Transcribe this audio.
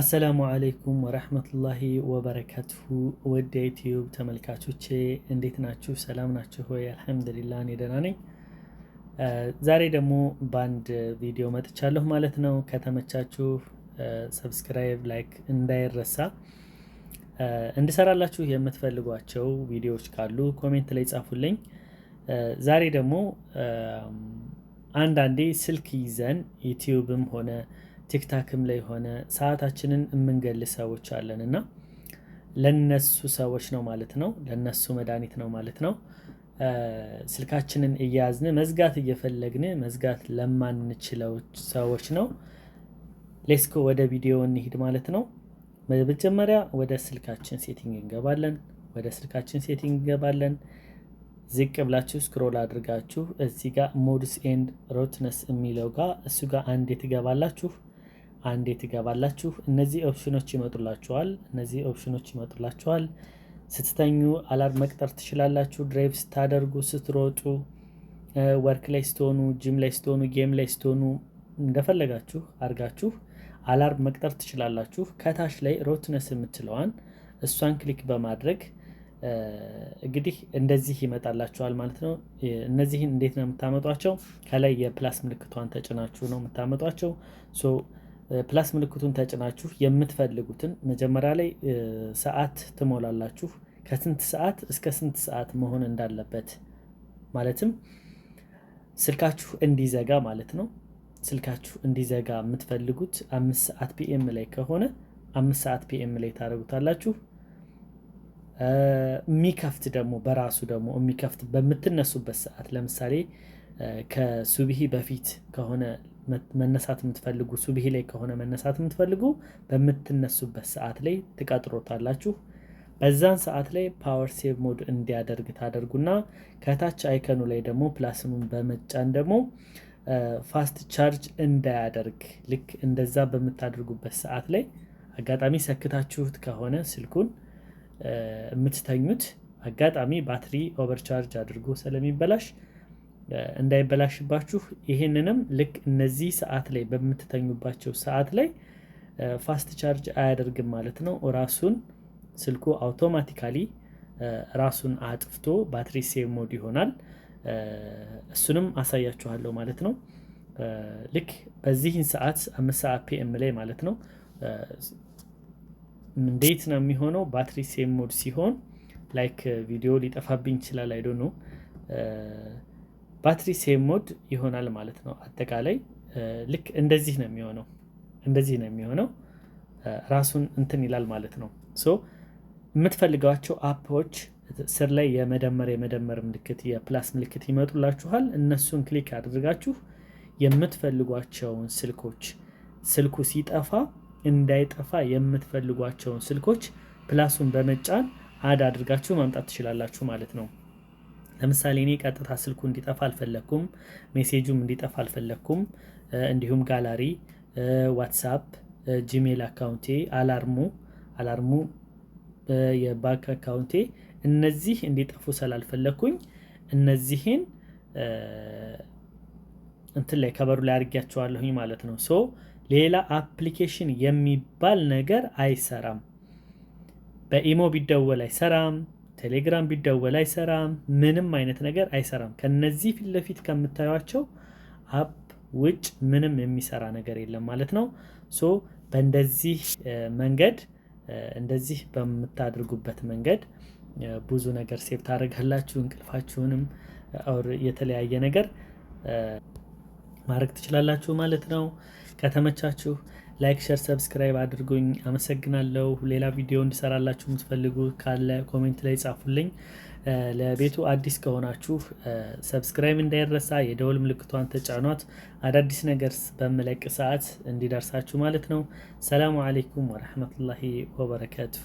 አሰላሙ አለይኩም ወረህመቱላሂ ወበረካቱሁ ወደ ዩቲዩብ ተመልካቾቼ እንዴት ናችሁ? ሰላም ናችሁ ሆይ? አልሐምዱሊላ እኔ ደህና ነኝ። ዛሬ ደግሞ በአንድ ቪዲዮ መጥቻለሁ ማለት ነው። ከተመቻችሁ ሰብስክራይብ፣ ላይክ እንዳይረሳ። እንድሰራላችሁ የምትፈልጓቸው ቪዲዮዎች ካሉ ኮሜንት ላይ ጻፉልኝ። ዛሬ ደግሞ አንዳንዴ ስልክ ይዘን ዩቲዩብም ሆነ ቲክታክም ላይ ሆነ ሰዓታችንን የምንገል ሰዎች አለን እና ለነሱ ሰዎች ነው ማለት ነው፣ ለነሱ መድኃኒት ነው ማለት ነው። ስልካችንን እያያዝን መዝጋት እየፈለግን መዝጋት ለማንችለው ሰዎች ነው። ሌስኮ ወደ ቪዲዮ እንሂድ ማለት ነው። መጀመሪያ ወደ ስልካችን ሴቲንግ እንገባለን። ወደ ስልካችን ሴቲንግ እንገባለን። ዝቅ ብላችሁ ስክሮል አድርጋችሁ እዚህ ጋር ሞድስ ኤንድ ሮትነስ የሚለው ጋር እሱ ጋር አንዴ ትገባላችሁ። አንዴ ትገባላችሁ። እነዚህ ኦፕሽኖች ይመጡላችኋል። እነዚህ ኦፕሽኖች ይመጡላችኋል። ስትተኙ አላርም መቅጠር ትችላላችሁ። ድራይቭ ስታደርጉ፣ ስትሮጡ፣ ወርክ ላይ ስትሆኑ፣ ጂም ላይ ስትሆኑ፣ ጌም ላይ ስትሆኑ እንደፈለጋችሁ አድርጋችሁ አላርም መቅጠር ትችላላችሁ። ከታች ላይ ሮትነስ የምትለዋን እሷን ክሊክ በማድረግ እንግዲህ እንደዚህ ይመጣላችኋል ማለት ነው። እነዚህን እንዴት ነው የምታመጧቸው? ከላይ የፕላስ ምልክቷን ተጭናችሁ ነው የምታመጧቸው። ፕላስ ምልክቱን ተጭናችሁ የምትፈልጉትን መጀመሪያ ላይ ሰዓት ትሞላላችሁ። ከስንት ሰዓት እስከ ስንት ሰዓት መሆን እንዳለበት ማለትም ስልካችሁ እንዲዘጋ ማለት ነው። ስልካችሁ እንዲዘጋ የምትፈልጉት አምስት ሰዓት ፒኤም ላይ ከሆነ አምስት ሰዓት ፒኤም ላይ ታደርጉታላችሁ። የሚከፍት ደግሞ በራሱ ደግሞ የሚከፍት በምትነሱበት ሰዓት ለምሳሌ ከሱብሂ በፊት ከሆነ መነሳት የምትፈልጉ ሱብሂ ላይ ከሆነ መነሳት የምትፈልጉ በምትነሱበት ሰዓት ላይ ትቀጥሮታላችሁ። በዛን ሰዓት ላይ ፓወር ሴቭ ሞድ እንዲያደርግ ታደርጉና ከታች አይከኑ ላይ ደግሞ ፕላስኑን በመጫን ደግሞ ፋስት ቻርጅ እንዳያደርግ ልክ እንደዛ በምታደርጉበት ሰዓት ላይ አጋጣሚ ሰክታችሁት ከሆነ ስልኩን የምትተኙት አጋጣሚ ባትሪ ኦቨርቻርጅ አድርጎ ስለሚበላሽ እንዳይበላሽባችሁ ይህንንም ልክ እነዚህ ሰዓት ላይ በምትተኙባቸው ሰዓት ላይ ፋስት ቻርጅ አያደርግም ማለት ነው። ራሱን ስልኩ አውቶማቲካሊ ራሱን አጥፍቶ ባትሪ ሴቭ ሞድ ይሆናል። እሱንም አሳያችኋለሁ ማለት ነው። ልክ በዚህን ሰዓት አምስት ሰዓት ፒኤም ላይ ማለት ነው። እንዴት ነው የሚሆነው? ባትሪ ሴቭ ሞድ ሲሆን ላይክ ቪዲዮ ሊጠፋብኝ ይችላል። አይዶ ነው ባትሪ ሴም ሞድ ይሆናል ማለት ነው። አጠቃላይ ልክ እንደዚህ ነው የሚሆነው እንደዚህ ነው የሚሆነው ራሱን እንትን ይላል ማለት ነው። ሶ የምትፈልጋቸው አፖች ስር ላይ የመደመር የመደመር ምልክት የፕላስ ምልክት ይመጡላችኋል። እነሱን ክሊክ አድርጋችሁ የምትፈልጓቸውን ስልኮች ስልኩ ሲጠፋ እንዳይጠፋ የምትፈልጓቸውን ስልኮች ፕላሱን በመጫን አድ አድርጋችሁ ማምጣት ትችላላችሁ ማለት ነው። ለምሳሌ እኔ ቀጥታ ስልኩ እንዲጠፋ አልፈለግኩም፣ ሜሴጁም እንዲጠፋ አልፈለግኩም። እንዲሁም ጋላሪ፣ ዋትሳፕ፣ ጂሜል አካውንቴ፣ አላርሙ አላርሙ የባንክ አካውንቴ እነዚህ እንዲጠፉ ስላልፈለግኩኝ እነዚህን እንትን ላይ ከበሩ ላይ አድርጊያቸዋለሁኝ ማለት ነው። ሶ ሌላ አፕሊኬሽን የሚባል ነገር አይሰራም። በኢሞ ቢደወል አይሰራም። ቴሌግራም ቢደወል አይሰራም። ምንም አይነት ነገር አይሰራም። ከነዚህ ፊት ለፊት ከምታዩቸው አፕ ውጭ ምንም የሚሰራ ነገር የለም ማለት ነው። ሶ በእንደዚህ መንገድ እንደዚህ በምታደርጉበት መንገድ ብዙ ነገር ሴብ ታደርጋላችሁ። እንቅልፋችሁንም ር የተለያየ ነገር ማድረግ ትችላላችሁ ማለት ነው ከተመቻችሁ ላይክ፣ ሸር፣ ሰብስክራይብ አድርጉኝ። አመሰግናለሁ። ሌላ ቪዲዮ እንዲሰራላችሁ የምትፈልጉ ካለ ኮሜንት ላይ ጻፉልኝ። ለቤቱ አዲስ ከሆናችሁ ሰብስክራይብ እንዳይረሳ፣ የደወል ምልክቷን ተጫኗት። አዳዲስ ነገር በምለቅ ሰዓት እንዲደርሳችሁ ማለት ነው። ሰላሙ አሌይኩም ወረህመቱላሂ ወበረካቱሁ።